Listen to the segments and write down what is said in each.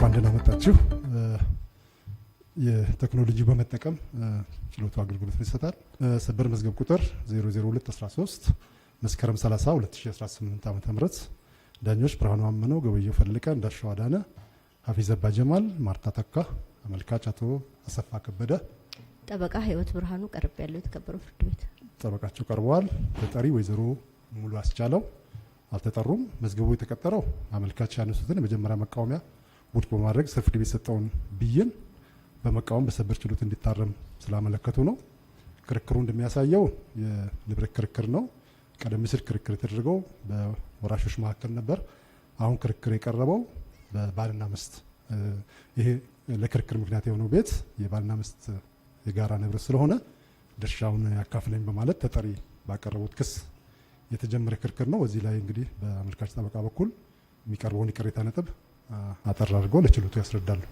እንኳን ደህና መጣችሁ። የቴክኖሎጂ በመጠቀም ችሎቱ አገልግሎት ይሰጣል። ሰበር መዝገብ ቁጥር 00213 መስከረም 30 2018 ዓ.ም ዳኞች ብርሃኑ አመነው፣ ገበየው ፈልቀ፣ እንዳሻው አዳነ፣ ሀፊዝ አባ ጀማል፣ ማርታ ተካ፣ አመልካች አቶ አሰፋ ከበደ፣ ጠበቃ ህይወት ብርሃኑ ቀርብ ያለው የተከበረው ፍርድ ቤት ጠበቃቸው ቀርበዋል። ተጠሪ ወይዘሮ ሙሉ አስቻለው አልተጠሩም። መዝገቡ የተቀጠረው አመልካች ያነሱትን የመጀመሪያ መቃወሚያ ውድቅ በማድረግ ፍርድ ቤት የሰጠውን ብይን በመቃወም በሰበር ችሎት እንዲታረም ስላመለከቱ ነው። ክርክሩ እንደሚያሳየው የንብረት ክርክር ነው። ቀደም ሲል ክርክር የተደረገው በወራሾች መካከል ነበር። አሁን ክርክር የቀረበው በባልና ምስት ይሄ ለክርክር ምክንያት የሆነው ቤት የባልና ምስት የጋራ ንብረት ስለሆነ ድርሻውን ያካፍለኝ በማለት ተጠሪ ባቀረቡት ክስ የተጀመረ ክርክር ነው። በዚህ ላይ እንግዲህ በአመልካች ጠበቃ በኩል የሚቀርበውን የቅሬታ ነጥብ አጠር አድርጎ ለችሎቱ ያስረዳሉ።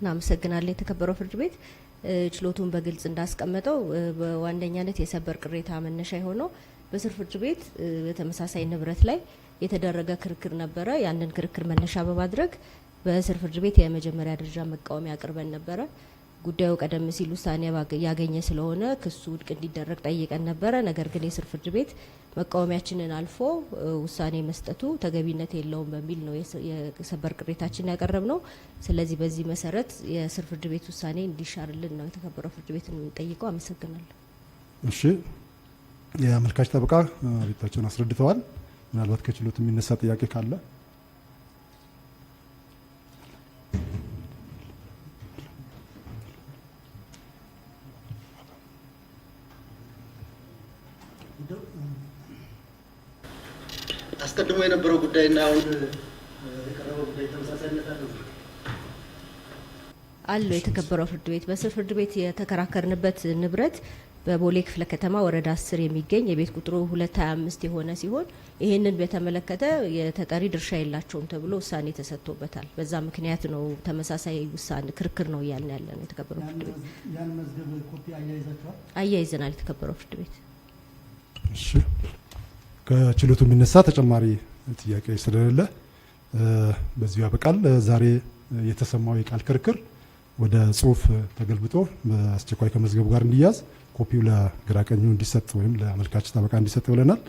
እናመሰግናለን። የተከበረው ፍርድ ቤት ችሎቱን በግልጽ እንዳስቀመጠው በዋነኛነት የሰበር ቅሬታ መነሻ የሆነው በስር ፍርድ ቤት በተመሳሳይ ንብረት ላይ የተደረገ ክርክር ነበረ። ያንን ክርክር መነሻ በማድረግ በስር ፍርድ ቤት የመጀመሪያ ደረጃ መቃወሚያ አቅርበን ነበረ። ጉዳዩ ቀደም ሲል ውሳኔ ያገኘ ስለሆነ ክሱ ውድቅ እንዲደረግ ጠይቀን ነበረ። ነገር ግን የስር ፍርድ ቤት መቃወሚያችንን አልፎ ውሳኔ መስጠቱ ተገቢነት የለውም በሚል ነው የሰበር ቅሬታችን ያቀረብ ነው። ስለዚህ በዚህ መሰረት የስር ፍርድ ቤት ውሳኔ እንዲሻርልን ነው የተከበረው ፍርድ ቤት የምንጠይቀው። አመሰግናለሁ። እሺ፣ የአመልካች ጠበቃ ቤታቸውን አስረድተዋል። ምናልባት ከችሎት የሚነሳ ጥያቄ ካለ አስቀድሞ የነበረው ጉዳይና አሁን የቀረበው ጉዳይ ተመሳሳይነት አለ አለው። የተከበረው ፍርድ ቤት በስር ፍርድ ቤት የተከራከርንበት ንብረት በቦሌ ክፍለ ከተማ ወረዳ አስር የሚገኝ የቤት ቁጥሩ 225 የሆነ ሲሆን ይህንን በተመለከተ የተጠሪ ድርሻ የላቸውም ተብሎ ውሳኔ ተሰጥቶበታል። በዛ ምክንያት ነው ተመሳሳይ ውሳኔ ክርክር ነው እያልን ያለ ነው። የተከበረው ፍርድ ቤት አያይዘናል። የተከበረው ፍርድ ቤት ከችሎቱ የሚነሳ ተጨማሪ ጥያቄ ስለሌለ በዚሁ ያበቃል። ዛሬ የተሰማው የቃል ክርክር ወደ ጽሁፍ ተገልብጦ በአስቸኳይ ከመዝገቡ ጋር እንዲያዝ ኮፒው ለግራቀኙ እንዲሰጥ ወይም ለአመልካች ጠበቃ እንዲሰጥ ብለናል።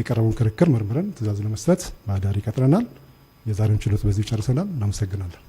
የቀረበውን ክርክር መርምረን ትእዛዝ ለመስጠት ማዳሪ ቀጥረናል። የዛሬውን ችሎት በዚሁ ጨርሰናል። እናመሰግናለን።